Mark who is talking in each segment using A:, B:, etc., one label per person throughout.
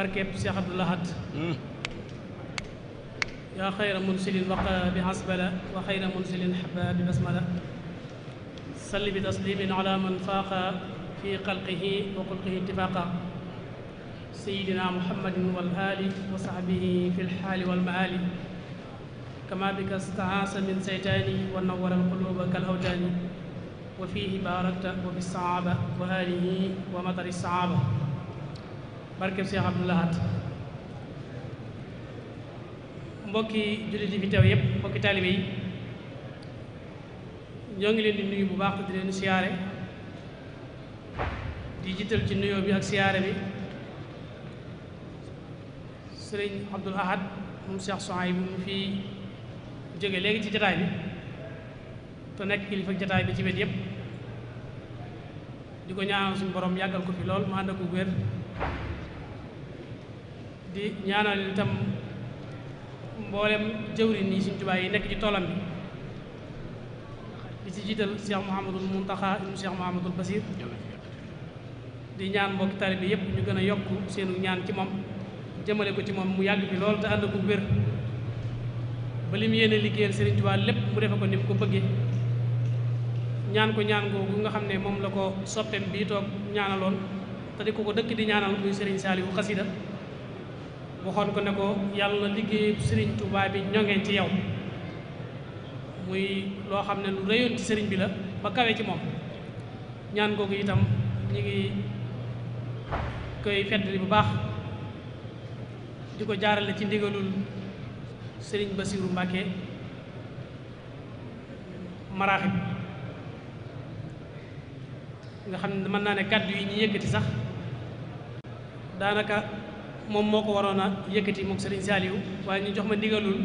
A: barkeeb Cheikh Abdou Lahad hmm. yaa xayra munsilin waqa bi asbala wa xayra munsilin xaba bi basmala salli bi taslimin ala man faaqa fi xalqihi wa xulqihi ittifaaqa sayidina muhammadin wal aali wa saxbihi fi lxaali wal maali kama bika staasa min seytaani wa nawara alquluuba kal awtaani wa fiihi baarakta wa fi saaba wa aalihi wa matari saaba barkeb Cheikh Abdou Lahad mbokki jullit yi fi teew yëpp mbokki taalibe yi ñoo ngi leen di nuyu bu baax te di leen siyaare di jiital ci nuyoo bi ak siyaare bi sëriñ Abdul Ahad moom Cheikh Sohaib bi mu fi jóge léegi ci jataay bi te nekk kilifa jataay bi ci wet yëpp di ko ñaanal suñu borom yàggal ko fi lool mu ànd ak wér di ñaanal itam mboolem jëwrin yi suñ tubaay yi nekk ci toolam bi di ci jiital Cheikh Mouhamadul Mountakha ibnu Cheikh Mouhamadul Basir ñaan mbokki taalibe bi yépp ñu gën a yokk seenu ñaan ci moom jëmale ko ci moom mu yàgg fi lool te ànd ko wér ba li mu yéene liggéeyal Serigne Touba lépp mu defe ko ni mu ko bëggee ñaan ko ñaan googu nga xam ne moom la ko soppeem bii toog ñaanaloon te di ko ko dëkk di ñaanal muy Serigne Saliou xasida waxoon ko ne ko yàlla liggéey sëriñ Touba bi ñongeen ci yow muy loo xam ne lu réyoon ci sëriñ bi la ba kawe ci moom ñaan googu itam ñu ngi koy feddali bu baax di ko jaarale ci ndigalul sëriñ Basiiru Mbàkke bi nga xam ne mën naa ne kàddu yi ñu yëkkati sax daanaka moom moo ko waroon a yëkkati moom Serigne Saliou waaye ñu jox ma ndigalul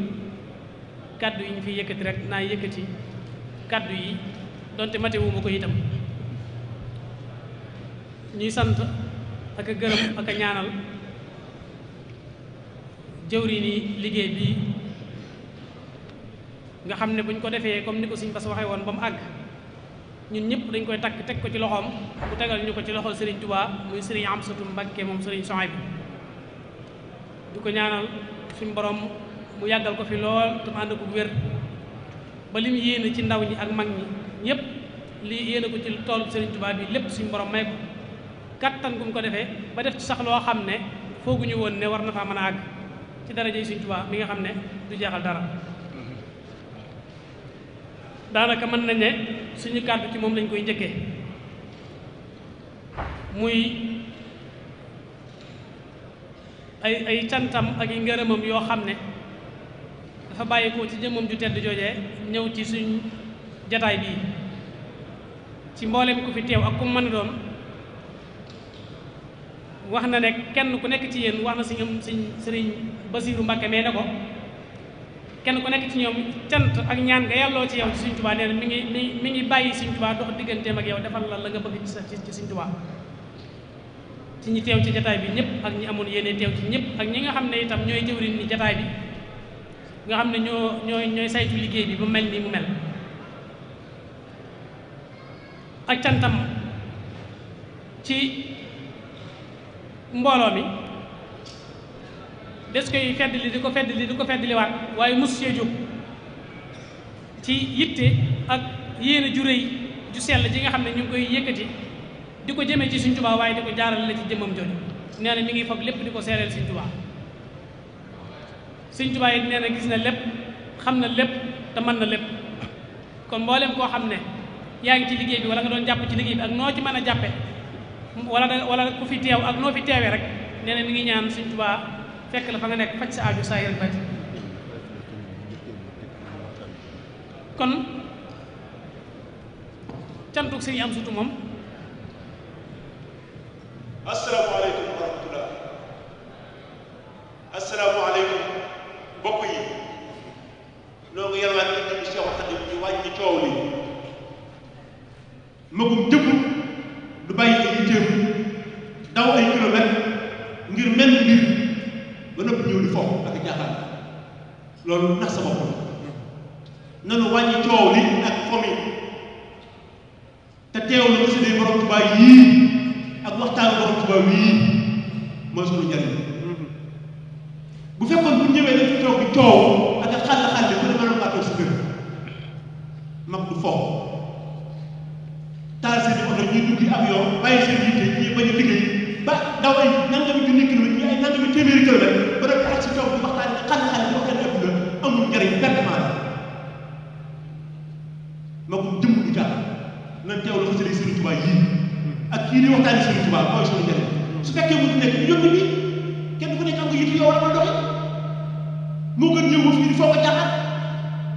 A: kàddu yi ñu fi yëkkati rek naa yëkkati kàddu yi donte matewu ma ko itam ñuy sant ak a gërëm ak a ñaanal jëwri nii liggéey bi nga xam ne buñ ko defee comme ni ko suñ bas waxee woon ba mu àgg ñun ñëpp dañ koy takk teg ko ci loxoom bu tegal ñu ko ci loxol Serigne Touba muy Serigne Amsatou Mbacké moom Serigne Souhaïbou di ko ñaanal suñu borom mu yàggal ko fi lool te mu ànd ko wér ba lim yéene ci ndaw ñi ak mag ñi ñëpp li yéene ko ci tool Serigne Touba bi lépp suñ borom may ko kattan gu mu ko defee ba def ci sax loo xam ne fooguñu woon ne war na faa mën a àgg ci daraja yi Serigne Touba mi nga xam ne du jeexal dara daanaka mën nañ ne suñu kàddu ci moom lañ koy njëkkee muy ay ay cantam ak yi ngërëmam yoo xam ne dafa bàyyi ko ci jëmmam ju tedd joojee ñëw ci suñ jataay bii ci mboolem ku fi teew ak ku mën a doon wax na ne kenn ku nekk ci yéen wax na si ñoom siñ sëriñ Basiiru Mbàkke mee ne ko kenn ku nekk ci ñoom cant ak ñaan nga yàlloo ci yow ci suñ tubaa nee na mi ngi mi mi ngi bàyyi suñ tubaa dox digganteem ak yow defal la la nga bëgg ci sa ci suñ tubaa ci ñi teew ci jataay bi ñëpp ak ñi amoon yéene teew ci ñëpp ak ñi nga xam ne itam ñooy jëwriñ ni jataay bi nga xam ne ñoo ñooy ñooy saytu liggéey bi ba mel ni mu mel ak cantam ci mbooloo mi des koy fedd li di ko fedd li di ko fedd liwaat waaye mos see jóg ci yitte ak yéene ju rëy ju sell ji nga xam ne ñu koy yëkkati di ko jëmee ci Sëñ Tuubaa waaye di ko jaarale la ci jëmmam jooju nee na mi ngi fab lépp di ko seereel Sëñ Tuubaa Sëñ Tuubaa it nee na gis na lépp xam na lépp te mën na lépp kon mboolem koo xam ne yaa ngi ci liggéey bi wala nga doon jàpp ci liggéey bi ak noo ci mën a jàppe wala wala ku fi teew ak noo fi teewee rek nee na mi ngi ñaan Sëñ Tuubaa fekk la fa nga nekk faj sa aaju saa yël bati kon cantuk sëñ am sutu moom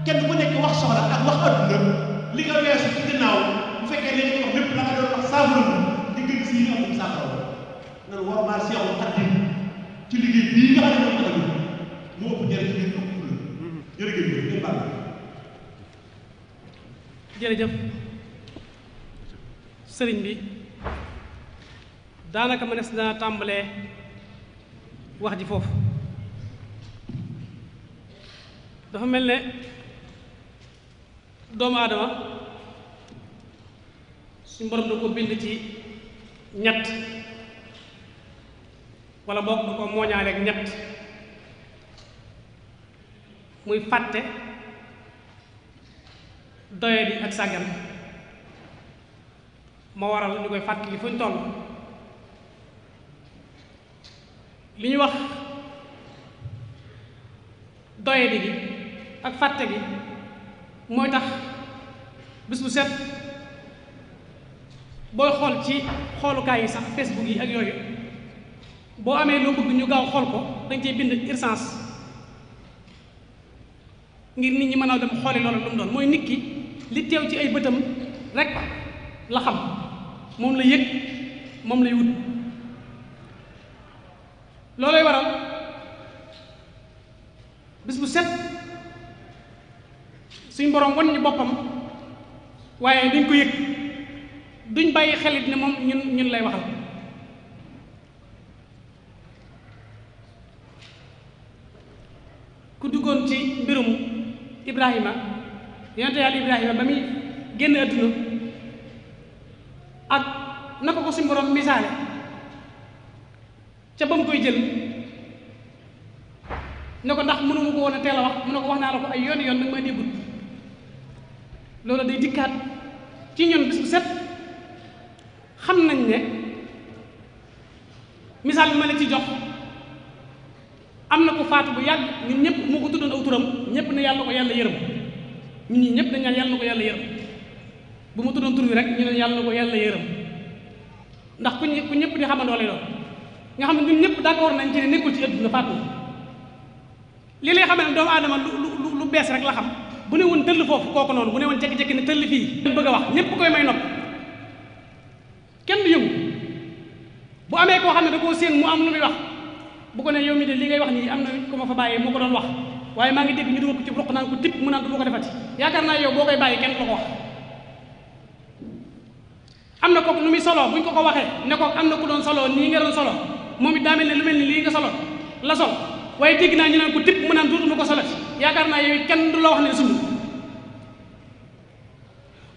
B: kenn bu nekk wax soxla ak wax adduna li nga weesu ci ginnaaw bu fekkee ne li nga wax nga doon wax saafara di liggéey bii nga xam ne moom la moo sëriñ
A: bi daanaka mënees na tàmbalee wax ji foofu dafa mel ne doomu aadama suñu borom da ko bind ci ñett wala boog da ko mooñaale ak ñett muy fàtte doye di ak sàggan moo waral ñu koy fàttali fuñ toll li ñu wax doye di ak fàtte gi mooy tax bés bu set booy xool ci xoolukaay yi sax facebook yi ak yooyu boo amee loo bëgg ñu gaaw xool ko dañ cey bind urgence ngir nit ñi mën a dem xooli loolu lu doon mooy nit li teew ci ay bëtam rek la xam moom la yëg moom lay wut loolay waral bis bu set suñ boroom wan ñu boppam waaye dañ ko yëg duñ bàyyi xelit ne moom ñun ñun lay waxal ku duggoon ci mbirum Ibrahima yonente yàlla Ibrahima ba muy génn adduna ak na ko ko suñ borom misaale ca ba mu koy jël ne ko ndax mënu ma ko woon a teel a wax mu ne ko wax naa la ko ay yoon yoon nag ma déggul loola day dikkaat ci ñun bis bu set xam nañ ne misaal bi ma la ci jox am na ko faatu bu yàgg ñun ñëpp moo ko tuddoon aw turam ñëpp ne yàlla ko yàlla yërëm ñun ñi ñëpp dañ naan yàlla ko yàlla yërëm bu ma tuddoon tur bi rek ñu ne yàlla ko yàlla yërëm ndax ku ñu ku ñëpp di xamandoo lay doon nga xam ne ñun ñëpp d'accord nañ ci ne nekkul ci ëdduna faatu li lay xamal aadama lu lu lu bees rek la xam. bu ne woon tëll foofu kooku noonu bu ne woon jekki-jekki ne tëll fii dañ bëgg a wax ñépp koy may nopp kenn du yëngu bu amee koo xam ne da koo séen mu am lu muy wax bu ko ne yow mi de li ngay wax nii am na ko ma fa bàyyee moo ko doon wax waaye maa ngi dégg ñu dugal ko ko tip mu naan ko boo ko defati naa boo koy bàyyi kenn du ko na kooku nu muy solo buñ ko ko waxee ne ko am na ku doon solo nii nga doon solo moom it daa mel ne lu mel ni lii nga solo la sol waaye dégg naa ñu naan ko tip mu naan duutuma ko solati yaakaar naa yow kenn du la wax ne sumb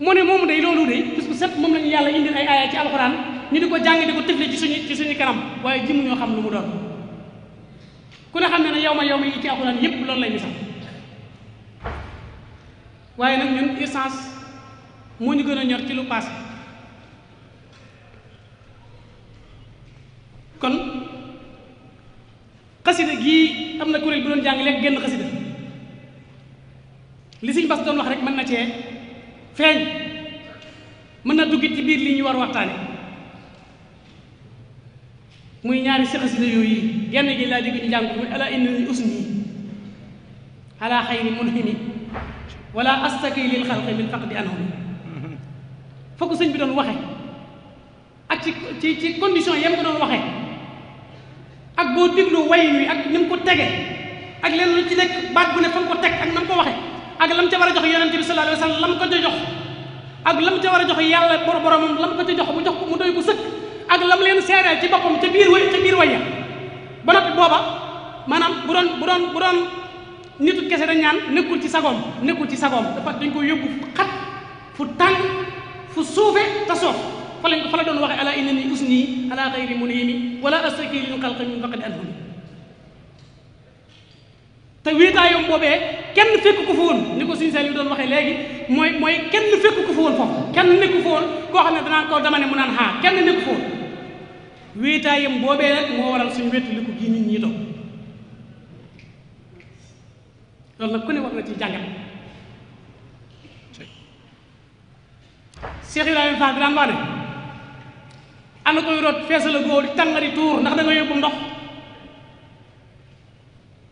A: mu ne moomu day loolu de bis set moom lañu yàlla indi ay aaya ci alxuraan ñu di ko jàng di ko tëfle ci suñu ci suñu kanam waaye ji ñoo xam ne mu doon ku ne xam ne ne yow ma yow ma yi ci alxuraan yépp loolu lay misal waaye nag ñun essence moo ñu gën a ñor ci lu passé kon xasida gii am na kuréel bu doon jàng lekk génn xasida li siñ bas doon wax rek mën na cee feeñ mën na dugg ci biir li ñuy war waxtaane muy ñaari si xasida yooyu genn gi laa dégg ñu jàng muy ala inni usni ala xayri munhimi wala astaki lil xalqi min faqdi anhum fokk sëñ bi doon waxe ak ci ci ci condition yam ko doon waxe ak boo déglu way wi ak ni mu ko tege ak leen ci nekk baat bu ne fa mu ko teg ak na mu ko waxe ak lam ca war a jox yonente bi sallallahu alayhi wa lam ko ca jox ak lam ca war a jox yàlla bor boromam lam ko ca jox mu jox mu doy ko sëkk ak lam leen seereel ci boppam ca biir way ca biir waya ba noppi booba maanaam bu doon bu doon bu doon nitu kese dañ naan nekkul ci sagoom nekkul ci sagoom dafa dañ ko yóbbu fu xat fu tàng fu suufe te soof fa lañ fa la doon waxe ala innani usni ala xayri munimi wala astaki lil xalqi min faqad anhum te wéetaayam boobee kenn fekk ko fa woon ni ko suñu seel yu doon waxee léegi mooy mooy kenn fekk ko fa woon foofu kenn nekku fa koo xam ne danaa ko dama ne mu naan xaar kenn nekku fa woon wéetaayam boobee nag moo waral suñu wéttaliku gii nit ñi tuur ndax da nga yóbbu ndox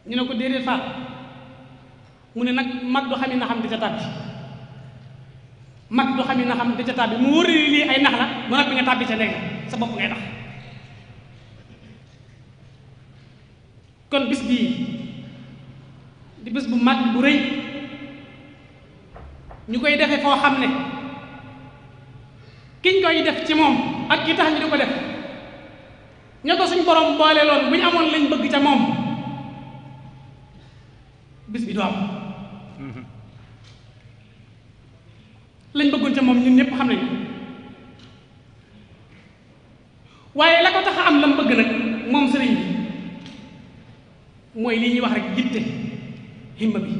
A: ñu ne ko déedéet faat mu ne nag mag du xam na xam di ca tàbbi mag du xam yi na xam di ca tàbbi mu wóor lii ay nax la mu nag bi nga tàbbi ca nekk sa bopp ngay tax kon bis bii di bis bu mag bu rëy ñu koy defe foo xam ne kiñ koy def ci moom ak ki tax ñu di ko def ña ko suñ borom boole loon bu ñu amoon lañ bëgg ca moom bis bi du am lañ ca moom ñun ñëpp xam nañu waaye la ko tax a am lam bëgg nag moom sëriñ bi mooy li ñuy wax rek yitte himma bi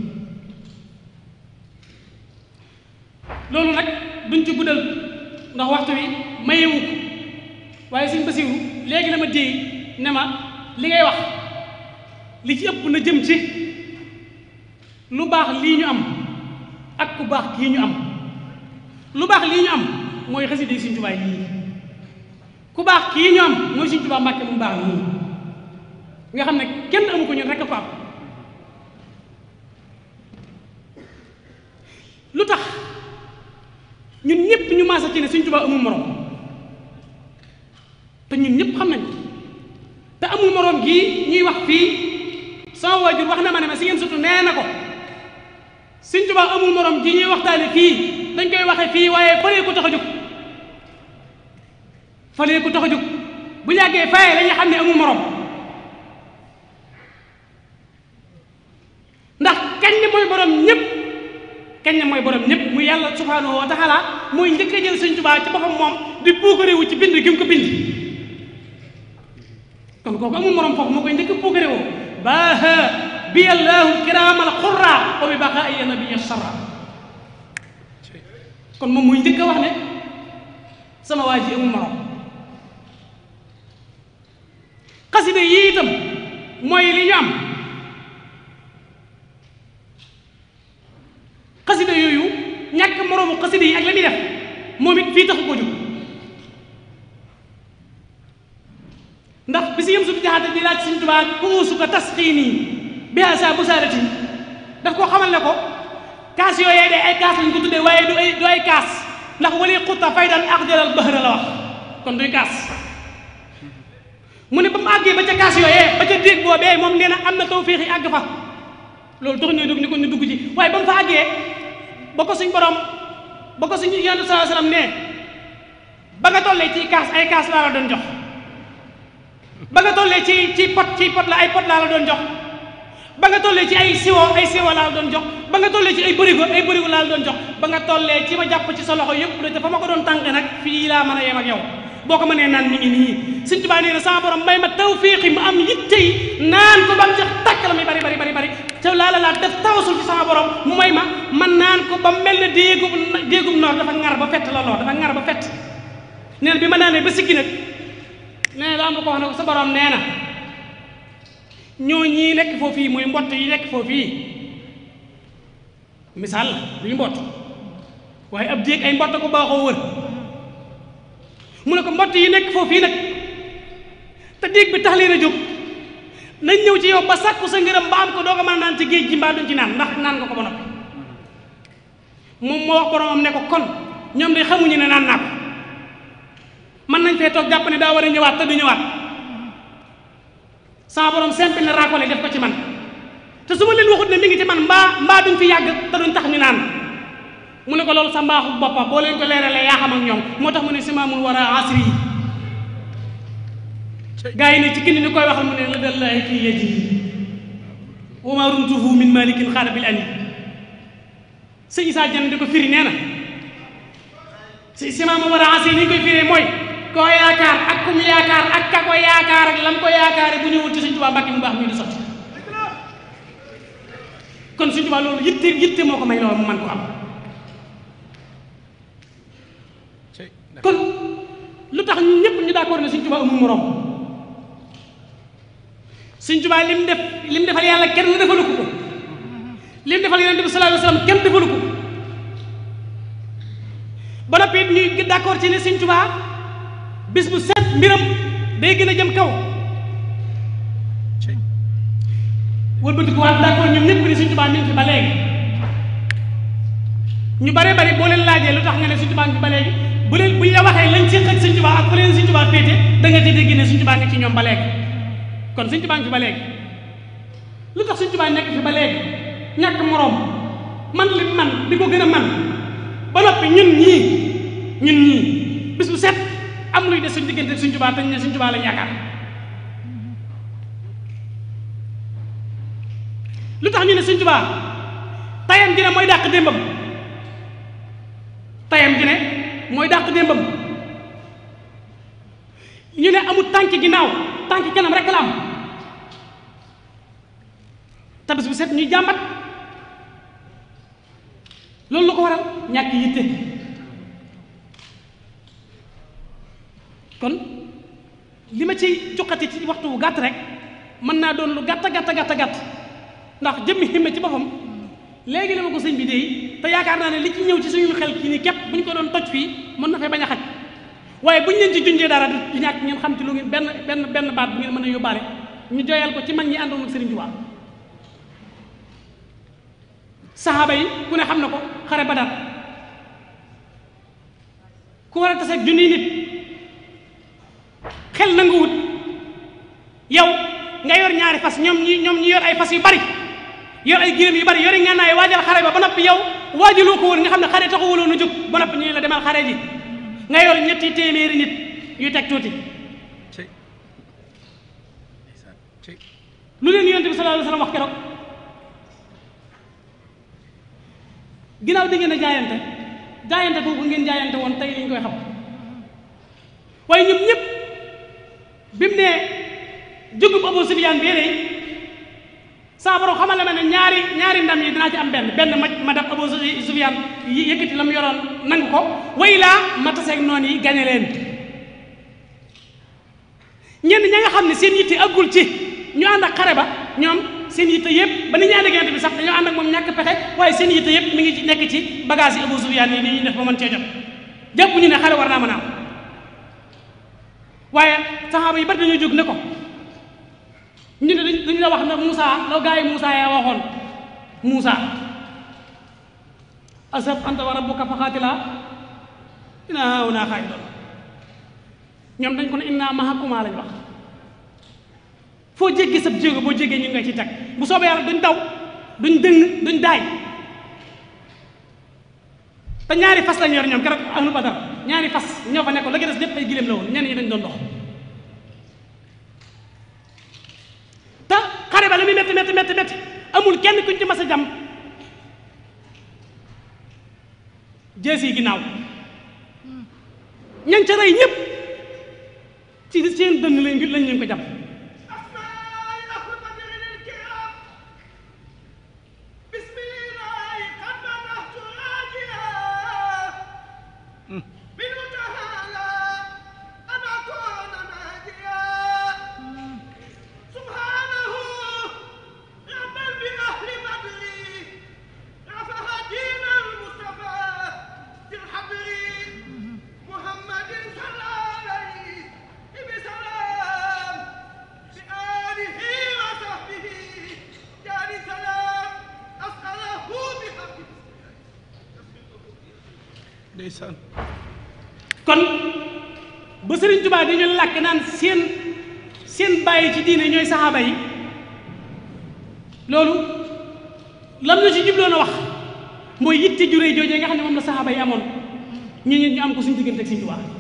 A: loolu nag duñ ci guddal ndax waxtu wi mayewu ko waaye suñ basiwu léegi la ma déy ne ma li ngay wax li ci ëpp na jëm ci lu baax lii ñu am ak ku baax kii ñu am lu baax lii ñu am mooy xasida yi Sëriñ Tuubaa yii ku baax kii ñu am mooy Sëriñ Tuubaa Mbàkke mu baax nii nga xam ne kenn amu ko ñun rekk ko am lu tax ñun ñëpp ñu maasa ci ne Sëriñ Tuubaa amul morom te ñun ñëpp xam nañ te amul morom gii ñuy wax fii sama waajur wax na ma ne ma si ngeen sutu nee na ko Sëñ Tuubaa amul morom ji ñuy waxtaane fii dañ koy waxe fii waaye fële ku tax a jóg fële ko tax a jóg bu yàggee fayee la ñu xam ne amul morom ndax kañ mooy borom ñëpp kañ mooy borom ñëpp mu yàlla subhaanahu wa mooy njëkk a jël Sëñ Tuubaa ci boppam moom di puukare ci bind gi ko bind kon kooku amul morom foofu moo koy njëkk a baax bi allahu kiraama al xurra wa bi baqaa'i nabiyyi sarra kon moom muy njëkk wax ne sama waa ji amul morom xaside yi itam mooy li ñu am xaside yooyu ñàkk moroomu xaside yi ak la ñuy def moom fii taxu ko ndax bi si yëm su jaxate di laaj Sëñ Tuubaa kuusu ko tasxiin biha sa bu saalatin daf ko xamal ne ko kaas yooyee de ay kaas lañ ko tuddee waaye du ay du ay kaas ndax wali xutta faydan ak jëlal bahra la wax kon duy kaas mu ne ba mu àggee ba ca kaas yooyee ba ca déeg boobee moom nee na am na tawfiix yi àgg fa loolu tax ñuy dugg ni ko ñu dugg ci waaye ba mu fa àggee ba ko suñ borom ba ko suñ yonent sallallahu alayhi wasallam ne ba nga tollee ci kaas ay kaas laa la doon jox ba nga tollee ci ci pot ci pot la ay pot laa jox ba nga tollee ci ay siwo ay siwo laa doon jox ba nga tollee ci ay bërigo ay bërigo laa doon jox ba nga tollee ci ma jàpp ci sa loxo yëpp la te fa ma ko doon tànqe nag fii laa mën a yem ak yow boo ko mënee naan mi ngi nii Sëñ Tuubaa sama borom may ma tawfiixi mu am yitte yi naan ko ba mu jeex tàkk la muy bari bari bari bari te laa def tawasul ci sama borom mu may ma man naan ko ba mel ne déegub déegub noor dafa ngar ba fett la lool dafa ngar ba fett nee bi ma naanee ba sikki nag nee na daa am ko wax ne ko sa borom nee ñoo ñii nekk foofu yi muy mbott yi nekk foofu yi misaal la duñu mbott waaye ab déeg ay mbott ko baaxoo wër mu ne ko mbott yi nekk foofu yi nag te déeg bi tax leen a jóg nañ ñëw ci yow ba sàkku sa ngërëm ba am ko doo ko mën a naan ci géej gi mbaa duñ ci naan ndax naan nga ko ba noppi moom moo wax boromam ne ko kon ñoom de xamuñu ne naan naa ko mën nañ fee toog jàpp ne daa war a ñëwaat te du ñëwaat sama borom simple na raakole def ko ci man te su ma leen waxut ne mi ngi ci man mbaa mbaa duñ fi yàgg te duñ tax ñu naan mu ne ko loolu sa mbaaxu boppa boo leen ko leeralee yaa xam ak ñoom moo tax mu ne simaamul war a asri yi gaa yi ne ci gindi ni koy waxal mu ne la dallaahi fii yadi wa maa rumtuhu min malikin xaala bil ani sëñ Isaa Jeen di ko firi nee na si simaamul war a asri ni ñu koy firee mooy koo yaakaar ak kum yaakaar ak ka ko yaakaar ak lam ko yaakaare bu ñëwul ci Sëñ Tuubaa Mbàkke baax mi du sotti kon Sëñ Tuubaa loolu yitte yitte moo ko may man ko am kon lu tax ñu ñëpp ñu d'accord ne Sëñ Tuubaa amul morom Sëñ Tuubaa lim def lim yàlla kenn defalu ko lim defal yonent bi sallallahu alayhi wasallam kenn defalu ko ba noppi it ñuy d'accord ci ne Sëñ bis bu set mbiram day gën a jëm kaw wëlbati ko waat d'accord ñun ñëpp ni Sëñ Tuubaa mi ngi fi ba léegi ñu bare bari boo leen laajee lu tax nga ne Sëñ Tuubaa ngi fi ba léegi bu leen bu ñu la waxee lañ séq ak Sëñ Tuubaa ak bu leen Sëñ Tuubaa féete da nga ci dégg ne Sëñ Tuubaa ci ñoom ba léegi kon Sëñ Tuubaa ngi fi ba léegi lu tax Sëñ Tuubaa nekk fi ba léegi ñàkk moroom man li man di ko gën a man ba noppi ñun ñii ñun ñii bis bu set am luy des suñ diggante suñ tubaa tañ ne suñ tubaa lañ yaakaar lu tax ñu ne suñ tubaa tayam gi ne mooy dàq démbam tayam gi ne mooy dàq démbam ñu ne amul tànk ginnaaw tànk kanam rek la am tabis bu set ñuy jàmbat loolu lu ko waral ñàkk yitte kon li ma ci joxati ci waxtu wu gàtt rek mën naa doon lu gàtt gàtt gàtt gàtt ndax jëmmi himme ci boppam léegi la ma ko sëñ bi dey te yaakaar naa ne li ci ñëw ci suñu xel ci nii képp bu ñu ko doon toj fii mën na fee bañ a xaj waaye bu ñu leen ci junjee dara du ñàkk ngeen xam ci lu ngeen benn benn benn baat bu ngeen mën a yóbbaale ñu joyal ko ci mag ñi àndoon ak Sëriñ Tuubaa saxaaba yi ku ne xam na ko xare Badar ku war a tase junniy nit xel na nga wut yow nga yor ñaari fas ñoom ñi ñoom ñi yor ay fas yu bari yor ay giléem yu bari yori ngànnaay waajal xare ba ba noppi yow waajaloo ko woon nga xam ne xare taxu waloon a jóg ba noppi ñu la demal xare ji nga yor ñetti téeméeri nit yu teg tuuti lu leen yonent bi sallallahu alayhi wax keroog ginnaaw di ngeen a jaayante jaayante boobu ngeen jaayante woon tey li ñu koy xam waaye ñoom ñëpp bi mu ne jugub Abu Sufyaan bee day saa borom xamal na ma ne ñaari ñaari ndam yi dinaa ci am benn benn ma ma def Abu Sufyaan yi yëkkati la mu yoroon nangu ko way laa ma taseeg noonu yi gañe leen ñenn ña nga xam ne seen yitte aggul ci ñu ànd xare ba ñoom seen yitte yëpp ba ni ñaa diggante bi sax dañoo ànd ak moom ñàkk pexe waaye seen yitte yëpp mi ngi nekk ci bagage yi Abu Sufyaan ñuy def ba mën cee jot jàpp ñu ne xare war naa mën a waaye saxaaba yi bari dañoo jóg ne ko ñu ne dañu la wax na Moussa la gaa yi Moussa waxoon Moussa asab anta wa rabbuka faxaatilaa ñoom dañ ko ne inna foo jéggee sab jéego boo jéggee ñu nga bu soobee yàlla duñ daw duñ dëng duñ daay te ñaari fas lañ ñoom keroog ahlu badar ñaari fas ñoo fa nekkoon la gën a ay gileem la woon ñenn ñi dañ doon dox te xare ba la muy métti métti amul kenn kuñ ci mas a jam jees yi ginnaaw hmm. ñan ca rey ñëpp ci seen dënn lañ lañ leen ko jam naan seen seen bàyyi ci diine ñooy saxaaba yi loolu lan na ci jubloon a wax mooy yitte jure réy jooje nga xam ne moom la saxaaba yi amoon ñu ñu am ko suñu diggante ak Sëñ Tuubaa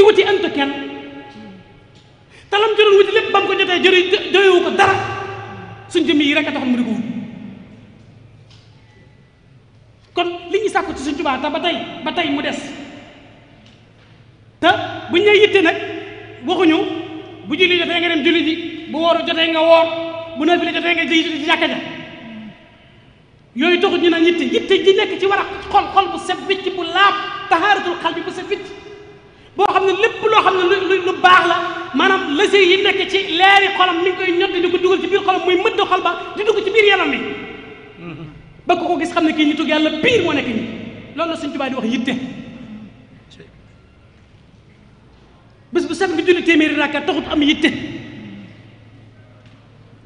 A: koy wuti ant kenn talam jëloon wuti lépp ba mu ko jotee jëri jërewu ko dara suñ jëmm yi rek a taxoon mu di ko wut kon li ñu sàkku ci suñ Tuubaa ba tey ba tey mu des te buñ lay yitte nag waxuñu bu julli jotee nga dem julli ji bu wooru jotee nga woor bu nawet bi jotee nga ji ci jàkka ja yooyu taxut ñu naan yitte yitte ji nekk ci war a xol xol bu set wicc bu laab tahaaratul xal bi bu set wicc ne lépp loo xam ne lu lu baax la maanaam lëse yi nekk ci leeri xolam mi ngi koy ñodd di ko dugal ci biir xolam muy mëdd xol ba di dugg ci biir yaram mi mm-hmm. ba ko ko gis xam ne kii nitug yàlla biir moo nekk nii loolu la suñ tubaab di wax yitte bés bu set nga julli téeméeri rakka taxut am yitte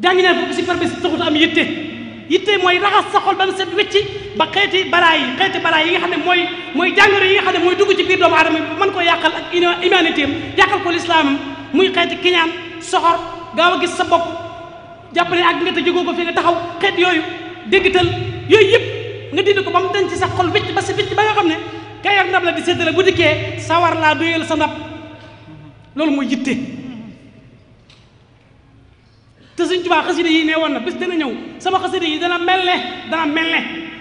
A: jàngi naa foofu si par bés taxut am yitte yitte mooy raxas sa xol ba mu set wecci ba xeeti balaa yi xeeti balaa yi nga xam ne mooy mooy yi nga xam ne mooy dugg ci biir doomu aadama bi mën koo yàqal ak humanité am yàqal ko lislaamam muy xeeti kiñaan soxor gaaw a gis sa bopp jàpp ne ak nga te jógoo ko fi nga taxaw xeet yooyu déggtal yooyu yëpp nga dindi ko ba mu denc sa xol wecc ba sa wecc ba nga xam ne kay ak ndab la di séddale bu dikkee sawar laa duyal sa ndab loolu mooy yitte te suñ tubaab xasida yi ne woon na bés dana ñëw sama xasida yi dana mel ne dana mel ne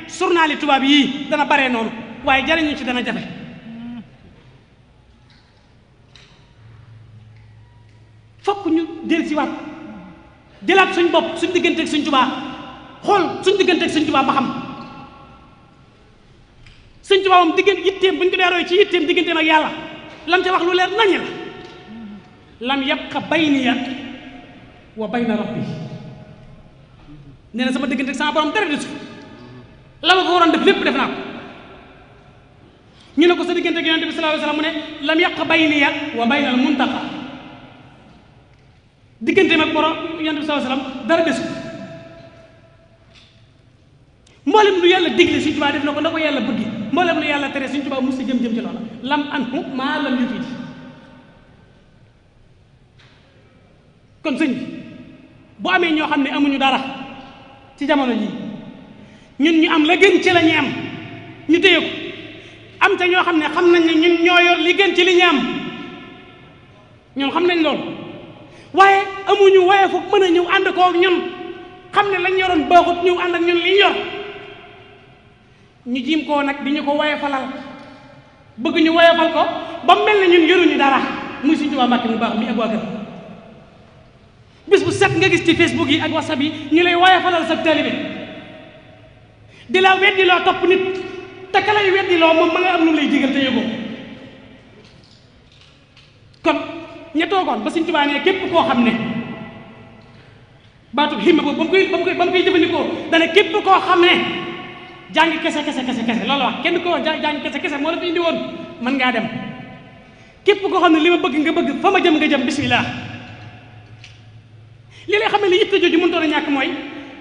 A: surnaali tubaab yii dana bare noonu waaye jariñu ci dana jafe fokk ñu del si waat jëlaat suñ bopp suñ digganteeg suñ tubaab xool suñ digganteeg suñ tubaab ba xam suñ tubaabam diggante yitteem buñ ko dee roy ci yitteem digganteem ak yàlla lam ca wax lu leer nañ la lam yabqa bayniya wa bayna rabbi nee na sama diggante ak sama borom dara desu la ma ko waroon def lépp def naa ko ñu ne ko sa diggante ak yonente bi sallallahu mu ne lam yàq bayniya wa bayna al muntaqa diggante mag borom yonente bi sallallahu alayhi wasallam dara desu mboolem lu yàlla digle suñ tubaa def na ko na ko yàlla bëggi mboolem lu yàlla tere suñ tubaa mus si jëm-jëm ci loola lam anhu maa lam yufiidi kon sëñ bu amee ñoo xam ne amuñu dara ci jamono ji ñun ñu am la gën ci la ñu am ñu téye ko am te ñoo xam ne xam nañ ne ñun ñoo yor ci li am ñun xam nañ loolu waaye amuñu waaye foog mën a ñëw ànd koo ak ñun xam ne lañ yoroon baaxut ñëw ànd ak ñun li ñu yor ñu jiim koo nag di ñu ko waye falal bëgg ñu waye ko ba mel na ñun yoruñu dara muy suñu Tuubaa Mbàkke mu baax mi ak set nga gis ci facebook yi ak whatsapp yi ñu lay waaye falal sa taalibe di la weddiloo topp nit te ka lay weddiloo moom ma nga am lu lay digal te yëgoo kon ña toogoon ba Sëñ ne képp koo xam ne baatu himma boobu ba mu koy ba mu koy ba mu koy jëfandikoo dana képp koo xam ne jàng kese kese kese kese loolu wax kenn ko wax jàng kese kese moo la fi indi woon mën ngaa dem képp koo xam ne li ma bëgg nga bëgg fa ma jëm nga jëm bismillah li xam xamal li yitte jooju mënutoon a ñàkk mooy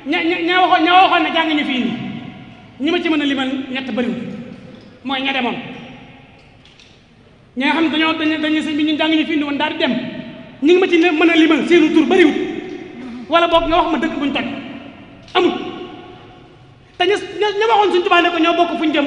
A: ña ña ña waxoon ña waxoon ne jàng ñu fii nii ñi ma ci mën a limal ñett bëriwul mooy ña demoon ñi nga xam ne dañoo dañu dañu sëñ bi ñu jàng ñu fii nii woon dem ñi ngi ma ci mën a limal seenu tur bëriwul wala boog nga wax ma dëkk buñ toj amul te ña ña waxoon suñ tubaab ne ko ñoo bokk fuñ jëm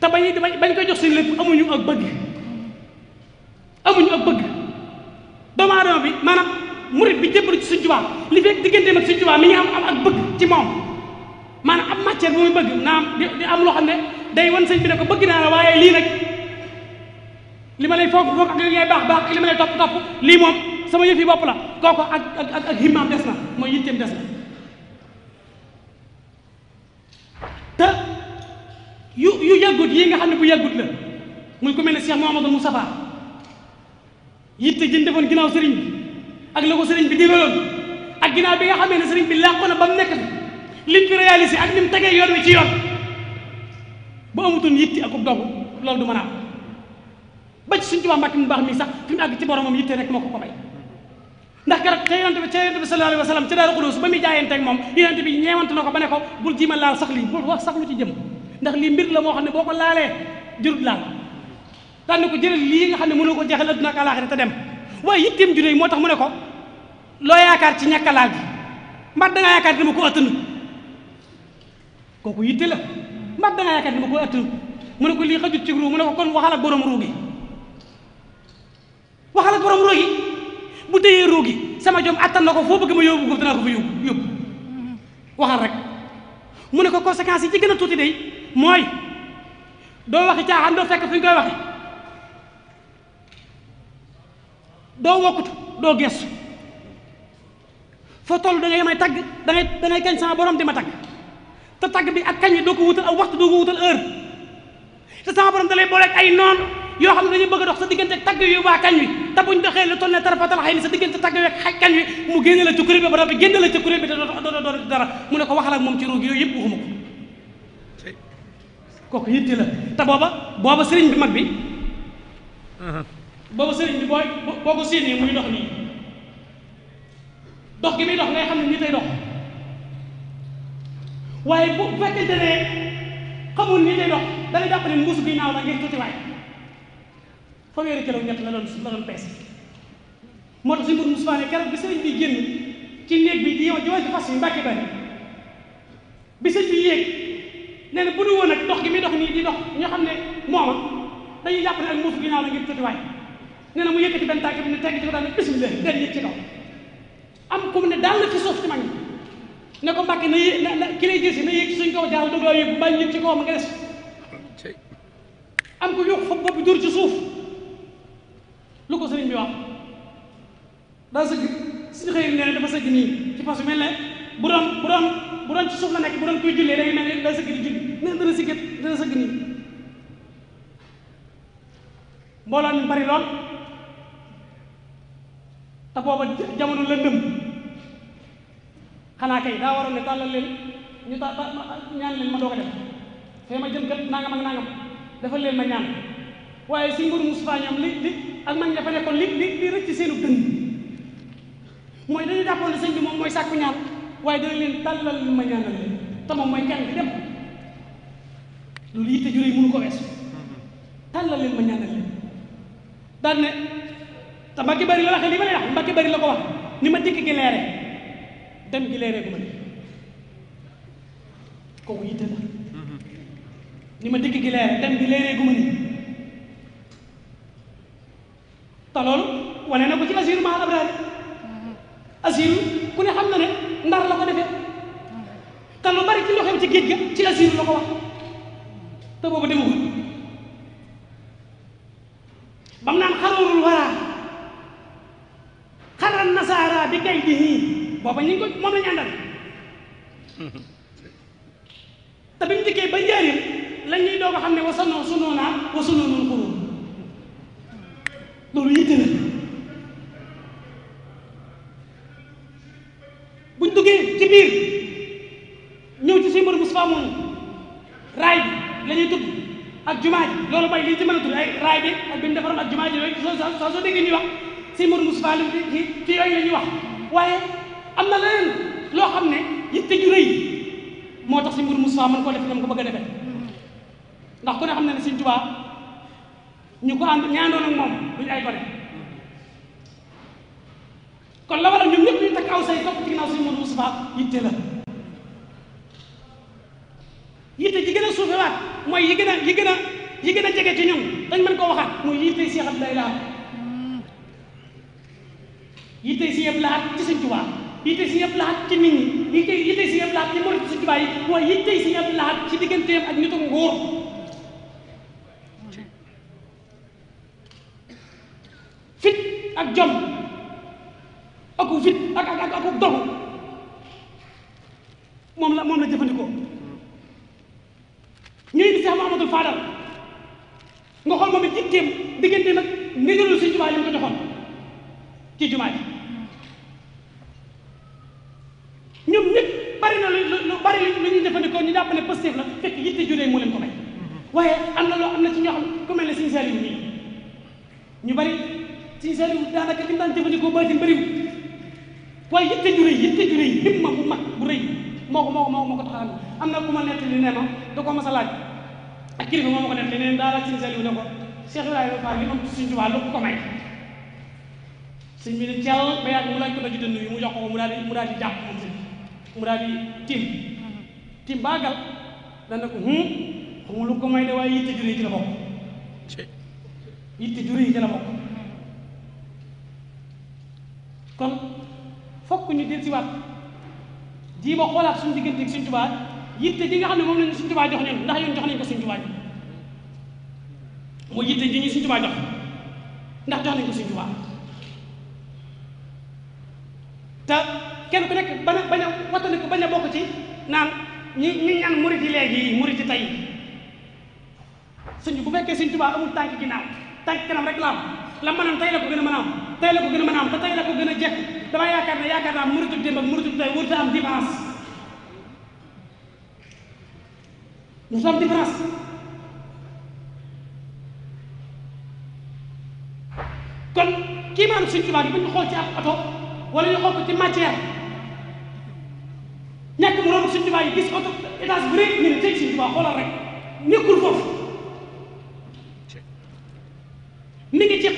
A: te bañ bañ koy jox seen lépp amuñu ak bëgg amuñu ak bëgg doomu bi maanaam murit bi jébbalu ci Sëñ li fekk digganteem ak Sëñ Tuubaa mi ngi am ak bëgg ci moom maanaam ab matière bu muy am di am loo xam ne day wan sëñ bi bëgg naa la waaye lii nag li ma lay foog foog ak li ngay baax baax li ma lay topp topp lii moom sama yëf yi bopp la kooku ak ak ak himmaam des na mooy yitteem des na yu yu yàggut yi nga xam ne bu yàggut la muy ko mel ne Cheikh Mouhamadou Moustapha yitte jën defoon ginnaaw sëriñ bi ak la ko sëriñ bi digaloon ak ginnaaw bi nga xamee ne sëriñ bi làqu na ba mu nekk fi ak ni mu tegee yoon wi ci yoon bu amutoon yitte ak dogu loolu du mën a am ba ci suñ ci mu baax mi sax fi mu àgg ci boromam yitte rek moo ko ko may ndax garab ca yonent bi ca yonent bi sallallahu alayhi wa sallam ca Daaru Xudoos ba muy jaayanteeg moom yonent bi ñeewante na ko ba ne ko bul ma laal sa lii bul sax ci jëm ndax lii mbir la moo xam ne boo ko laalee jërut laal daan ko jëlal lii nga xam ne mënoo ko jeexal adduna ak alaaxira te dem waaye yitteem junne yi moo tax mu ne ko loo yaakaar ci ñàkk a laal gi mbat da nga yaakaar dama ko attanu kooku yitte la mbat da nga yaakaar dama ko attanu mu ne ko lii xajut ci ruu mu ne ko kon waxal ak borom ruu gi waxal borom ruu gi bu téyee ruu gi sama jom attan na ko foo bëgg ma yóbbu ko danaa ko fa yóbbu yóbbu waxal mu ne ko yi ci gën tuuti day mooy doo waxi caaxaan doo fekk fi ñu koy waxe doo wokkutu doo gestu foo toll da ngay tagg da ngay kañ sama borom di ma tagg te tagg bi ak kañ doo ko doo ko wutal heure te sama borom da lay booleeg ay noon yoo xam ne dañuy bëgg a dox sa diggante tagg yu waa kañ wi te buñ doxee lu toll ne tarafatal xëy ni sa diggante tagg wi ak kañ wi mu génne la ci kuréel bi dara mu ne ko wax ak moom ci ruug yooyu yëpp waxuma ko kooku yitte la te booba booba sëriñ bi mag bi mhm. booba sëriñ bi booy boo ko séenee muy dox nii dox gi muy dox ngay xam ne nii tey dox waaye bu fekkente ne xamul nii tey dox da ngay jàpp ne mbuus gi naaw la ngir tuuti waay fanweeri ñett la doon la doon pees moo tax suñu mbir Moussa ne keroog ci néeg bi di yow di wàcc fas yi mbàkke bari bi sëriñ bi yéeg neen na bu dul woon ak dox gi muy dox nii di dox ñoo xam ne mooma dañuy jàpp ne ak muusu ginnaaw la ngir tëtiwaay nee na mu yëkkati benn tànk bi ne tegg ci ko daal ne bismillah den yëg ne daal ko mbàkke na na ki lay jël si na yëg suñ kaw jaal dog a yóbbu bàyyi ci kawam nga des am ko yokk fa bopp jur ci suuf lu ko sëriñ bi wax daa sëgg suñu xëy nee dafa sëgg nii ci pasu mel ne bu doon bu doon bu ci suuf la nekk bu doon kuy jullee day mel ni day sëgg di julli nee dana sëgg dana sëgg nii mbooloo mi bari lool te booba jamono lëndëm xanaa daa waroon ne tàllal leen ñu ta ta ñaan leen ma doog a def fee ma dafa leen ma ñaan waaye si mburu Moustapha ñoom li li ak man nekkoon li li li rëcc seenu dëng mooy dañu jàppoon ne sëñ bi moom mooy sàkku ñaan waaye dana leen tàllal lu ma ñaanal leen te moom mooy kenn di dem loolu yitte jure yi ko weesu tàllal leen ma ñaanal leen daan ne te Mbacke Bari la waxee li ma lay wax Mbacke Bari la ko wax ni ma dikk gi leere dem gi leere bu ma nii kooku ma dikk gi leere dem gi leere wane na ko ci asiru ma abraar asiru ku ne xam na ne ndar la ko defee te lu bari ci lu xew ci géej ga ci asiru la ko wax te boobu demagul bam naan xaroorul waraa xaral nasaara bi kay di nii booba ñu ko moom lañu te bi mu dikkee ba njëriñ la ñuy doog a xam ne wasanoo sunoo wasanoo noonu ko loolu yitte na biir ñëw ci suñu mbër Moustapha moom raay bi la ñuy tudd ak jumaa ji loolu mooy li ci mën a tudd ay raay bi ak bi ñu defaroon ak jumaa ji yooyu soo soo soo déggee wax suñu mbër Moustapha lu ci ci yooyu la ñuy wax waaye am na leneen loo xam ne yitte ju rëy moo tax suñu mbër Moustapha koo def dem ko bëgg a defee ndax ku ne xam na ne suñ Tuubaa ñu ko ànd ñaandoon ak moom duñ ay gore kon la waral ñoom ñëpp ñu takk aw say topp ci ginnaaw si yitte la yitte ji a suufe waat mooy yi gën a yi gën a yi gën a jege ci ñun dañ mën koo waxaat mooy yitte Cheikh Abdoulaye Lahat yitte si yëpp ci Sëñ yitte si yëpp laat ci nit ñi yitte ci murit ci Sëñ Tuubaa yi mooy yitte si yëpp laat ci digganteem ak nitu nguur fit ak jom aku fit ak ak ak aku dogu moom la moom la jëfandikoo ñu indi Cheikh Mahamadou Fadal nga xool moom it jitteem diggante nag ndigalul si jumaa li mu ko joxoon ci jumaa ji ñoom ñëpp bari na lu lu bari lu ñuy jëfandikoo ñu jàpp ne positif la fekk yitte juree mu leen ko may waaye am na loo am na ci ñoo xam ku mel ne Sëñ Saliou nii ñu bari Sëñ Saliou daanaka li mu daan jëfandikoo baatin bariwul waaye yitte ju rëy yitte ju rëy ko moo ko moo ko tax am a laaj ak kilifa moo ma ko nettali ne daa laaj sëñ Saliou ba yàgg mu laaj yitte la bokk kon fokk ñu del jii jiima xoolaat suñu diggante ak suñ tubaa yitte ji nga xam ne moom lañu suñ tubaa jox ñun ndax yoon jox nañ ko suñ tubaa mooy ji ñu suñ tubaa jox ndax jox nañ ko suñ tubaa te kenn ku nekk bañ a bañ a wattandiku bañ a bokk ci naan ñi ñi ñaan murit yi léegi murit yi tey suñ bu fekkee suñ tubaa amul tànk ginnaaw tànk kanam rek la am la mënoon tey ko gën a mën a am a mën a am tey la ko gën a jekk dama yaakaar ne yaakaar naa muritu démb ak muritu tey wërta am différence nous sommes différence kon kii maam suñ tubaab yi bu xool ci ab oto wala ñu xool ko ci matière ñàkk mu romb suñ tubaab yi gis oto étage bu rëy ñu ne tey ci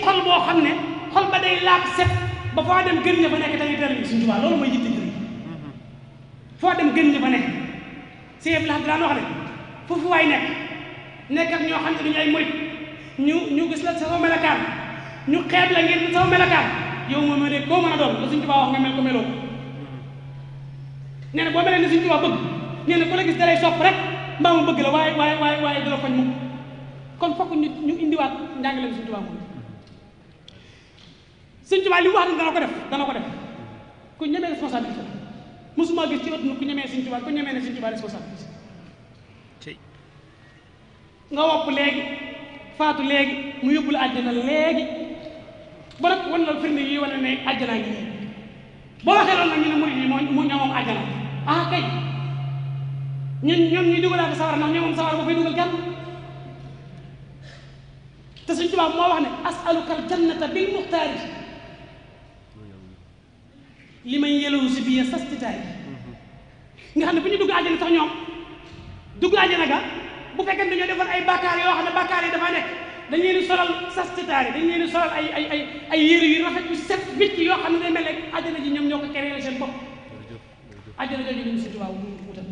A: xol boo xam ne xol ba day laab set ba foo dem gën ña fa nekk dañuy dellu suñu Tuubaa loolu mooy yitte jëriñ foo dem gën ña fa nekk sëñ la daan wax ne foofu waay nekk nekk ak ñoo xam ne duñu ay moyt ñu ñu gis la sa melakaan ñu xeeb la ngeen sa melakaan yow moom ne koo mën a doon la suñu Tuubaa wax nga nee na boo melee ne suñu Tuubaa bëgg nee na ku la gis dalay sopp rek mbaa mu bëgg la waaye waaye waaye waaye dala fañ mukk kon fokk ñu ñu indiwaat njàngale suñu Tuubaa moom sëñ Tuubaa li mu wax ne dana ko def dana ko def ku ñemee responsabilité la mosuma gis ci àdduna ku ñemee sëñ Tuubaa ku ñemee ne sëñ Tuubaa responsabilité nga wopp léegi faatu léegi mu yóbbu la àjjana léegi ba wan la firnde yi wane ngi nii boo waxee loolu ñu ne murid yi moo ah kay ñun ñoom ñuy dugalaate sawar ndax ñoo moom sawar ba fay dugal kenn te suñ tubaab moo wax ne asaluka aljannata bil muxtaari li may yelawu si biir sas ci taay nga xam ne bu ñu dugg àjjana sax ñoom dugg àjjana ga bu fekkee dañoo defoon ay bàkkaar yoo xam ne bàkkaar yi dafa nekk dañ leen di solal sas ci taay dañ leen di solal ay ay ay yére yu rafet yu set wicc yoo xam ne day mel ne àjjana ji ñoom ñoo ko créé seen bopp àjjana jooju lañu Sëñ Tuubaa mu wutal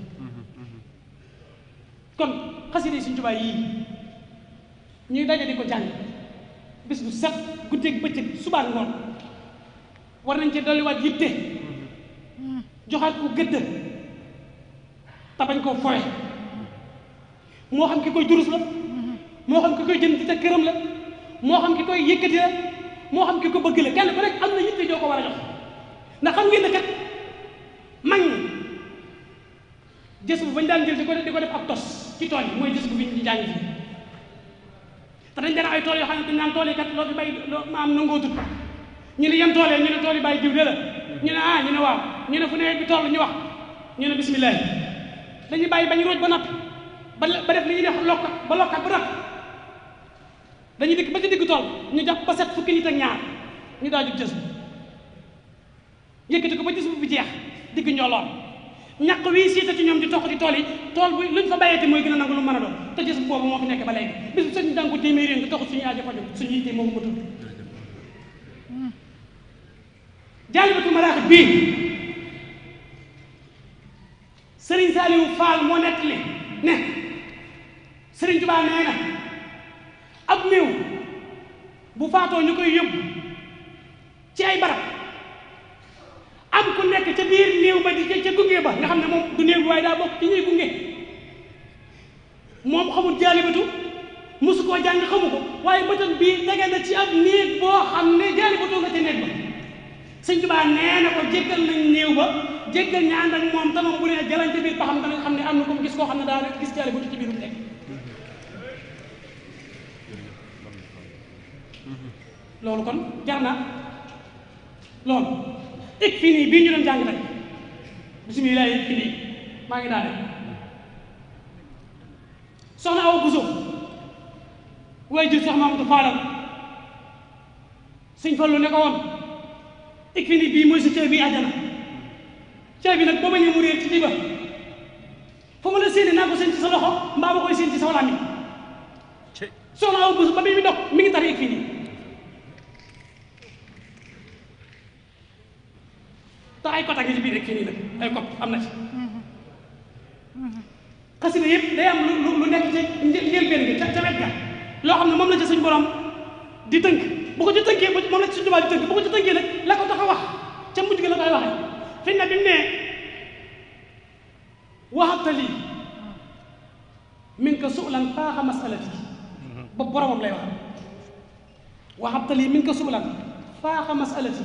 A: kon daje di ko jàng bis bu set guddeeg bëccëg ngoon war nañ ci dolliwaat yitte joxaat ko gëdd te koo fowe moo xam ki koy durus la moo xam ki koy jën ci te këram la moo xam ki koy yëkkati la moo xam ki ko bëgg la kenn ku nekk am na yitte joo ko war a jox ndax xam ngeen ne kat mag ñi jës bu bañ di ko di ko def ab tos ci tool yi mooy jës bu biñ jàng fi te dañ daan ay tool yoo xam ne dañ naan tool yi kat loo fi bay loo am nangoo tut ñu ne yan tool ñu ne tool yi bàyyi diw de la ñu ne ah ñu ne waaw ñu ne fu nawet bi toll ñu wax ñu ne bisimilah dañu bàyyi bañ rooj ba noppi ba ba def li ñuy def lokkat ba lokkat ba noppi dañuy dikk digg tool ñu jàpp ba set fukki nit ak ñaar ñu daa jug jës yëkkati ko ba jës jeex digg njoloon ñàq wii siita ci ñoom di toq ci tool yi tool bu luñ fa bàyyee mooy gën a nangu lu mën a doon te jës boobu moo fi ba léegi bis bu sëñ danga ko téeméeri nga toq suñu aajo faju suñu yitte moo ko matul Jalibatul Maraaxib bii Serigne Saliou Fall moo nekk li ne Serigne Touba nee na ab néew bu faatoo ñu koy yóbbu ci ay barab am ku nekk ca biir néew ba di ca gunge ba nga xam ne moom du néew bi waaye daa bokk ci ñuy gunge moom xamul jaalibatu mosu koo jàng xamu ko waaye bëtam bii dege na ci ab néeg boo xam ne jaalibatu nga ca néeg ba sëñ Tuubaa nee na ko jéggal nañ néew ba jéggal ñi ànd moom tamam bu ne jëlañ ci biir ba am na gis koo xam ne daa gis jale bu ci biirum nekk loolu kon jar na loolu nii bii ñu doon jàng tey bisimilah nii maa ngi daane soxna aw Buso waaye jur soxna Amadu Faalam sëñ Fallu ne ikfini bii mooy sa caabi àjjana caabi nag boo bañee mu ci lii ba fu ma la séenee naa ko seen ci sa loxo mbaa ma ci sa walaam yi soxna aw bés ba bi mi dox mi ngi tar ikfini te ay kot a ngi ci biir nag ay kot am na ci xasida yëpp day am lu lu nekk ci njëlbeen loo xam ne moom la ca suñ di tënk bu ko ci tënkee bu moom la ci jumaa ji tënk bu ko ci tënkee nag la ko tax a wax ca mujj gi la fi ne bi mu ne waxata lii min ka sulan faaxa masalati ba boromam lay wax waxata lii ka masalati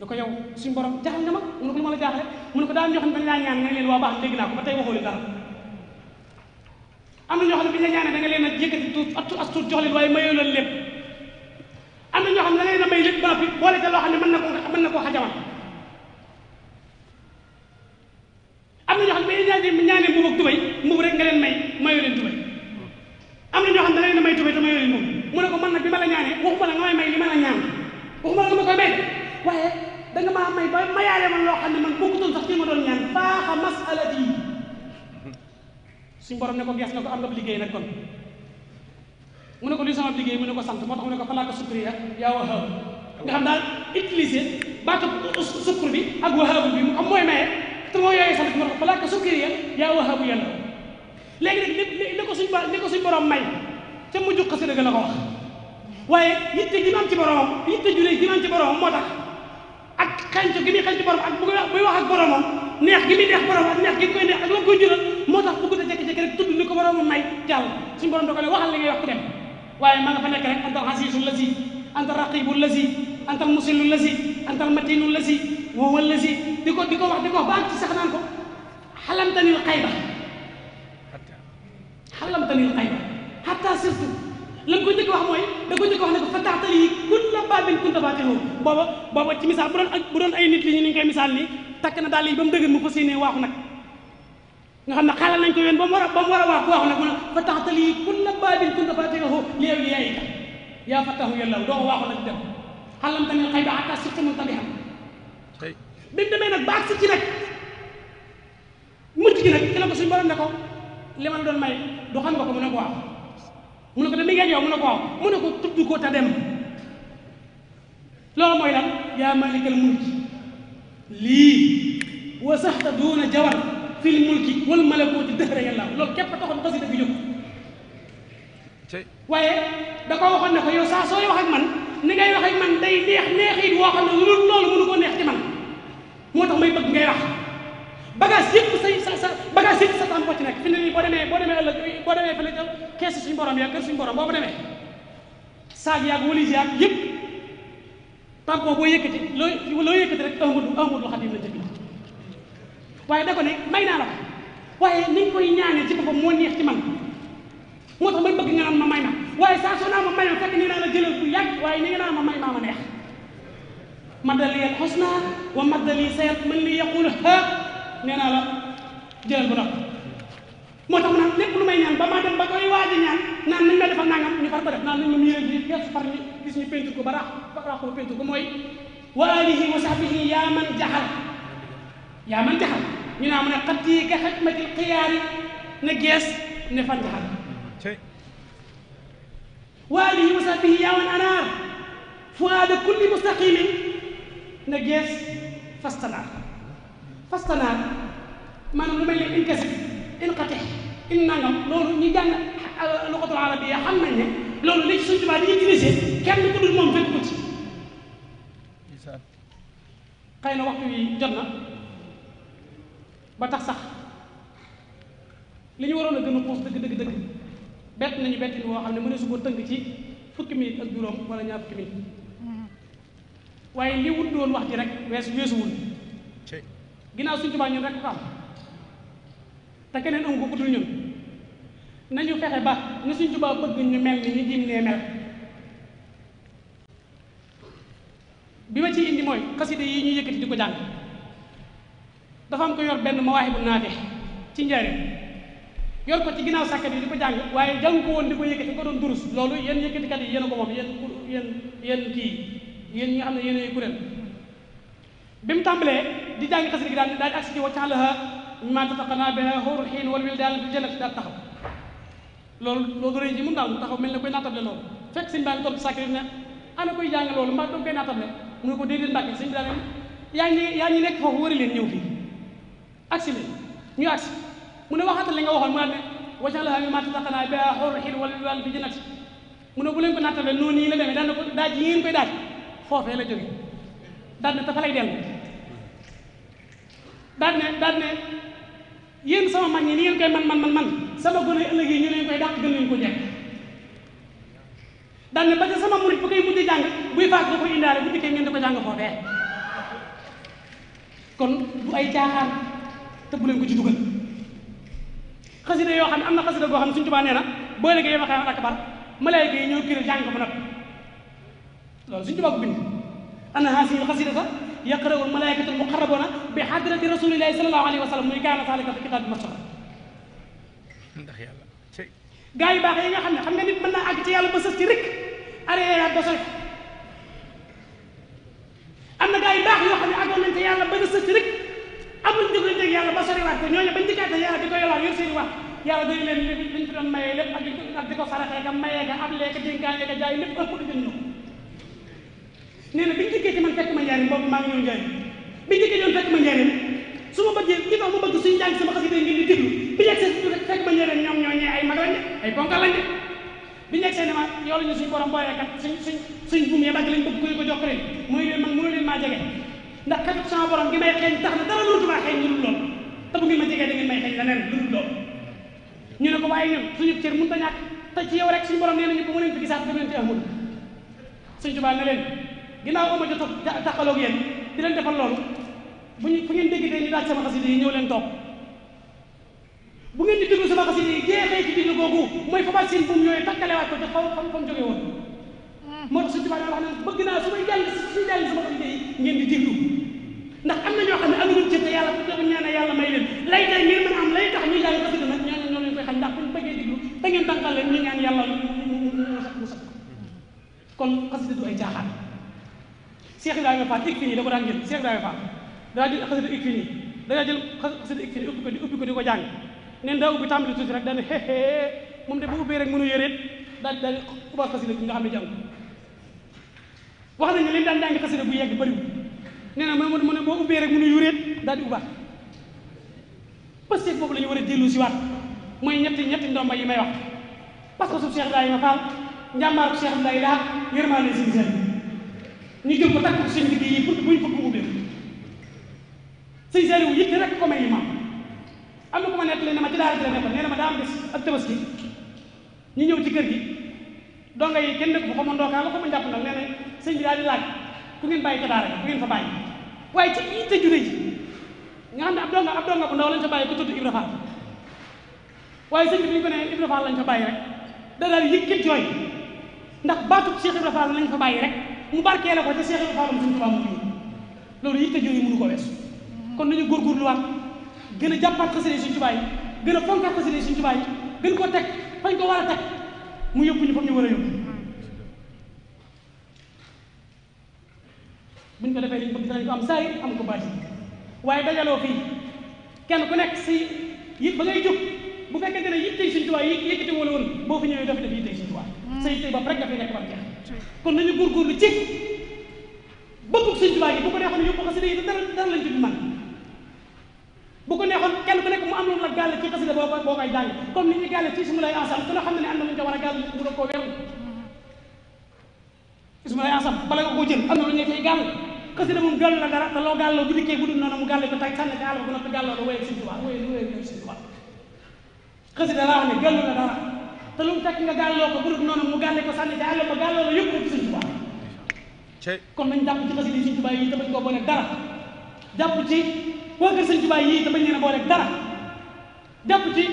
A: da ko yow suñu borom jaaxal nga ma mu ne ko lu ma la jaaxle mu ne ko daan ñoo xam ne dañ laa ñaan nga leen waa baax dégg naa ko ba tey waxoo leen dara am na ñoo xam ne bi ñu la ñaanee da nga leen a yëkkati tuut as tuut jox leen waaye mayoo leen am na ñoo xam ne da na may lépp ba noppi boole ca loo xam ne mën na koo mën na koo xajamal am na ñoo xam ne bay ñaane am na ñoo xam ne da ngay na may tubay te mayoo leen mu ne ko man nag bi ma la ñaanee waxuma la nga may may li ma la ñaan waxuma la nga ma koy may waaye da nga maa may ba mayaale man loo xam ne man bokkutoon sax ci ma doon ñaan baax a masalati suñ borom ne ko gees na ko am nga liggéey nag kon mu ne ko luy sama liggéey mu ne ko sant moo tax mu ne ko falaaka sukri ak yaa wahaab nga xam daal utiliser baatu sukkur bi ak wahaabu bi te moo yooyee sant moo tax falaaka sukri ak yaa wahaabu léegi nag li li ko suñ ba li ko suñ borom may ca mujj ko wax waaye yitte gi ci boromam yitte ju rëy gi am ci boromam moo tax ak xencu gi muy xencu borom ak bu muy neex gi muy neex borom ak neex gi koy neex ak la koy moo tax bëgg na jékki-jékki rek tudd ko boromam may jàll suñu borom da ko ne waxal li ngay wax ku dem waaye ma nga fa nekk rek antal xasiisu lazi antal raqibu lazi antal musilu lazi antal matinu lazi woowa lazi di ko di ko wax di ko wax ba ak ci sax naan ko xalamtanil xayba xalamtanil xayba xatta surtout lan ko njëkk wax mooy da ko njëkk wax ne ko fataxtali yi kulla baabin kunta faatihu booba booba ci misaal bu doon bu doon ay nit li ñu ni misaal nii takk na daal yi ba mu dëgër mu fas yéene waaxu nag nga xam ne xaaral nañ ko yoon ba mu war a ba mu war a wax bu wax ne bu ne fa taxta lii kulla baabin kunta faatihahu li awliyaa'ika yaa fattahu yàllaw doo ko waxu nag dem xalam tamit xay ba xataa sirta muntabihan bi mu demee nag ba agsi ci nag mujj gi nag ci la ko suñu borom ne ko li ma la doon may du xam nga ko mu ne ko waaw mu ne ko dama ngeen yow mu ne ko waaw mu ne ko tudd ko te dem loolu mooy lan yaa malikal mulki lii wa saxta duuna jawal fil mulki wal malakuti dëxëra yàlla loolu képp taxoon xasida bi jóg waaye da ko waxoon ne ko yow saa sooy wax ak man ni ngay wax ak man day neex neexit woo xam ne lu dul ko neex ci man moo tax may bëgg ngay wax bagage yëpp say sa sa bagage yëpp sa tam ko ci nekk fi ne nii boo demee boo demee ëllëg boo demee fële ca kees suñu borom ya kër suñu borom boo fa demee saag yaag walis yaag yëpp tampon boo yëkkati loo loo yëkkati rek ahmadu ahmadu xadim waaye da ko ne may naa la ko waaye niñ koy ñaanee ci boppam moo neex ci man moo tax may bëgg nga naan ma may ma waaye saa soo naa ma may ma fekk nee naa la jëlal bu yàgg waaye ni nga naan ma may maa ma neex maddali al xusna wa maddali sayat man li yaqul ha nee naa la jëlal bu ndox moo tax mu naan lépp lu may ñaan ba maa dem ba koy waaj a ñaan naan nañ ma defal nangam far ko def naan nañ ma miiré ji gees far ñu gis ñu ba raax ba raax ko pentu ko wa alihi wa man jaxal yaa man jaxal ñu naa mu ne xat yi ka xajmatil xiyaari ne gees ne fan jaxal wa alihi wa sahbihi yaa man anaar fuaada kulli mustaqimin ne gees fastanaar fastanaar maanaam lu mel ni inkasif inqatix in nangam loolu ñu jàng luqatul arabiya xam nañ ne loolu li ci suñ tubaab di utilisé kenn ku dul moom fekk ko ci xëy na waxtu wi jot na ba tax sax li ñu waroon a gën a xuus dëgg dëgg dëgg bett nañu bettin woo xam ne mëneesu koo tënk ci fukki minute ak juróom wala ñaa fukki minute waaye li wut doon wax ji rek wees weesuwul ginnaaw suñ tubaab ñun rek ko am te keneen amu ko ku dul ñun nañu fexe ba na suñ tubaab bëgg ñu mel ni ñu jiim nee mel bi ma ci indi mooy xaside yi ñu yëkkati di ko jàng dafa am ko yor benn mawaahibu naafi ci njariñ yor ko ci ginnaaw sàkkat bi di ko jàng waaye jàng ko woon di ko yëkkati ko doon durus loolu yéen yëkkatikat yi yéen a ko moom yéen yéen yéen kii yéen ñi nga xam ne yéen ay kuréel bi di jàng xasida gi daal daal ci waccaxlaha ma tataqana biha xóorul xiin wal wil daal di jënat daal taxaw loolu loolu rëy ji mun mu taxaw mel ne koy nattable loolu fekk sëñ baa ngi toog ci sàkkat yi ne ana koy jàng loolu mbaa doog koy ko déedéet mbàkke sëñ bi daal yaa ngi yaa ngi nekk foofu wëri leen ñëw fi agsi li ñu agsi mu ne waxante li nga waxoon mu naan ne wajalaha mi matataxanaa bi xorxin wala wàll bi jënati mu ne bu leen ko nattale a yi la demee daan na ko daaj yi ngeen koy daaj foofee la jóge daan ne dafa daan ne daan sama mag ñi ni ngeen koy man man man sama gone ëllëg yi ñu leen koy dàq gën leen ko jekk daan ne ba ca sama murit bu koy mujj jàng buy faat da koy indaale bu dikkee ko jàng foofee kon du ay caaxaan te bu leen ko ci dugal xasida yoo xam ne am na xasida goo xam ne suñu tubaa nee na boo léegi yoma xayaam akbar malaayka yi ñoo kiral jàng ko ba noppi loolu suñu tubaa ko bind ana haasihi xasida sax yaqra'u malaaykatul muqarrabuuna bi hadrati rasulillahi sallallahu alayhi wa sallam muy kaana saalika fi kitaab bi mastura baax yi nga xam ne xam nga nit mën naa àgg ci yàlla ba sës ci rek aréyaat ba sori am na gaa yu baax yoo xam ne àggoon nañ ci yàlla ba sës am nañ jëflante ak yàlla ba soriwaat ko ñooñu bañ dikkaate yàlla di ko yolaat yor seen wax yàlla doy leen li liñ fi doon mayee lépp ak di ak di ko saraxee ka mayee ka ab leeka ka jaay lépp ëpp jën ño nee na biñu dikkee ci man fekk ma njariñ boobu maa ngi ñëw fekk ma njariñ su ma bëggee li tax ma bëgg suñu jàng sama xasida ngeen di déglu bi ñu egsee fekk bi ñu egsee suñ suñ ya dagg lañ ko ko jox leen mooy leen man mënu leen maa jege ndax kat sama borom gi may xeeñ tax na dara mënatuma xeeñ lu dul lool te bu ngeen ma jegee da may xeeñ leneen lu dul lool ñu ne ko waaye ñun suñu cër mënut a ñàkk te ci yow rek suñu borom nee nañu ko mu leen fi gisaat dem leen ci amul suñ tubaa ne leen ginnaaw ama jot a taxaloog yéen di leen defal bu ñu fu ngeen dégg ñu daaj sama xasida yi ñëw leen toog bu ngeen di déglu sama xasida yi jeexee ci diglu googu mooy fabaat seen buum yooyu takkalewaat ko ca xaw xaw fa mu jógee woon mm. moo tax suñ tubaa ne wax ne bëgg naa su may jàng su jàng sama xasida yi ngeen ndax am na ñoo xam ne amuñu cër te yàlla bu doon ñaanee yàlla may leen lay tey ngeen mën a am lay tax ñu jàng xasida nag ñooñu ñoo leen koy xam ndax buñ bëggee diglu da ngeen tànqal leen ñu ñaan yàlla mu sax kon xasida du ay caaxaan Cheikh Ibrahima Fall Ikfini da ko daan jël Cheikh Ibrahima Fall daa jël xasida Ikfini daa jël xasida Ikfini ubbi ko di ubbi ko di ko jàng neen daa ubbi tàmbali tuuti rek daane xeexee moom de bu ubbee rek mënu yëreet daal daal xubaat xasida bi nga xam ne jàng wax nañu leen daan jàng xasida bu yegg bëriwul nee na mu mu ne boo ubbee rek mu ne yuréet daal di ubbaat Pastef boobu la ñu war a dellu si waat mooy ñetti ñetti ndomba yi may wax parce que su Cheikh Ibrahima Fall njàmbaaru Cheikh Ibrahima Fall yërmaane si seen ñu jël ko takku seen liggéey yi pour buñ fukk mu ubbee sëñ Saliou yitte rek ko may imam am na ku ma nettali ne ma ci daara ji la nekkoon nee na ma daa am bés ak tabaski ñu ñëw ci kër gi donga yi kenn nekk bu xamoon ndookaa la ko ma njàpp nag nee na sëñ bi daal di laaj ku ngeen bàyyi ca daara ku ngeen fa bàyyi waaye ci yitte ju rëy nga xam ne ab donga ab donga bu ndaw lañ fa bàyyi ko tudd Ibra Fall waaye sëñ bi bi ñu ko nee Ibra Fall lañ fa bàyyi rek da daal yëkkil jooy ndax baatub Cheikh Ibra Fall lañ fa bàyyi rek mu barkeele ko ca Cheikh Ibra Fall suñu tubaab mu fii loolu yitte jooyu mënu ko weesu kon nañu góorgóorluwaat gën a jàppaat gën a fonkaat xasida suñu tubaab yi gën koo teg fañ ko war a teg mu yóbbu ñu buñ ko defee liñ bëgg dinañ ko am saa yi am ko baatin waaye dajaloo fii kenn ku nekk si yi ba ngay jóg bu fekkente ne yittey suñ tuwaay yi yëkkati wala woon boo fi ñëwee doo fi def yittey suñ tuwaay mm. sa yittey bopp rek nga fi nekk ba jeex kon nañu góorgóorlu ci bëggug suñ tuwaay yi bu ko neexoon yóbbu xasida yi dara dara lañ ci man bu ko neexoon kenn ku nekk mu am lu la gàll ci xasida boo boo koy jàng comme ni ñu gàll ci sumu lay ensemble ku ne xam ne ne am na lu ñu ko war a gàll bu doon koo weru su mu lay ensemble bala nga koo jël am na lu ñu fay gàll xasida moom gàllu la dara bu dikkee bu dul noonu mu ci àll ba noppi gàlloo la wéyal ba gàlloo la kon nañ jàpp dara jàpp ci waa kër suñu tubaab yi te bañ leen a boole dara jàpp ci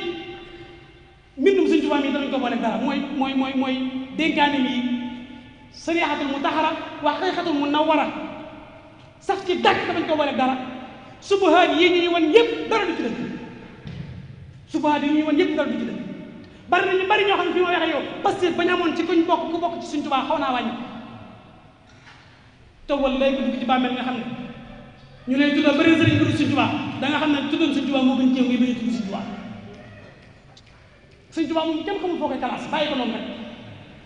A: mooy mooy mooy mooy dénkaane yi sarixatul mutahara wa xaqiqatul munawara sax ci dàkk damañ ko wane dara subahaat yi ñuy wan yëpp dara du ci dëgg subahaat yi ñuy wan yëpp dara du ci dëgg bari na ñu bari ñoo xam ne fi ma waxee yow parce que bañ amoon ci kuñ bokk ku bokk ci suñ tubaa xaw naa wàññi te wallaay ku nga xam ne ñu lay tuddal bëri na sëriñ tudd suñ tubaa da nga xam ne tuddoon suñ tubaa moo gën cee kalaas bàyyi ko noonu rek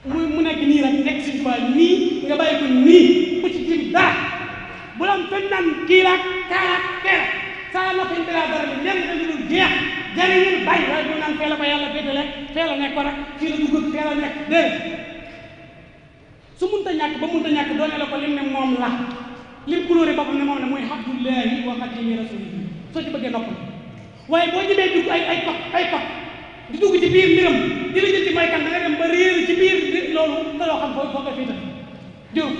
A: mu mu nekk nekk suñ nii nga bàyyi ko nii bu ci jëm daa bu doon fekk naan kii la kaaraat teel saa na fi dara dara bi lenn dañu dul jeex jëriñul bàyyi waaye bu naan fee la ko yàlla féetale fee la nekk ko nag su munta ñàkk ba munta ñàkk doone la ko lim la lim kulóore boppam ne wa soo ci bëggee noppal waaye boo jëmee dugg ay ay pax ay pax di dugg ci biir mbiram di la jël ci may kan dem ba réer ci biir loolu te doo xam foo foo ko fii ta jur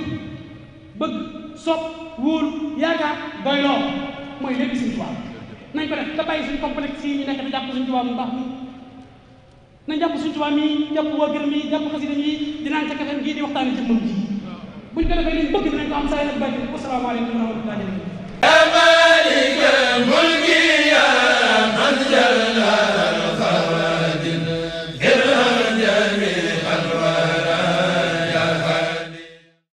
A: sopp wóolu yaakaar doyloo mooy lépp suñu tubaab nañ ko def te bàyyi suñu complexe yi ñu nekk te jàpp suñu tubaab mu baax mi nañ jàpp suñu tubaab mi jàpp waa gërëm yi jàpp xasida yi dinaan ca kafem gii di waxtaani jëmmam ji buñ ko defee liñ bëgg dinañ ko am saa yi nag bàyyi wasalaamaaleykum wa rahmatullahi wa barakatuh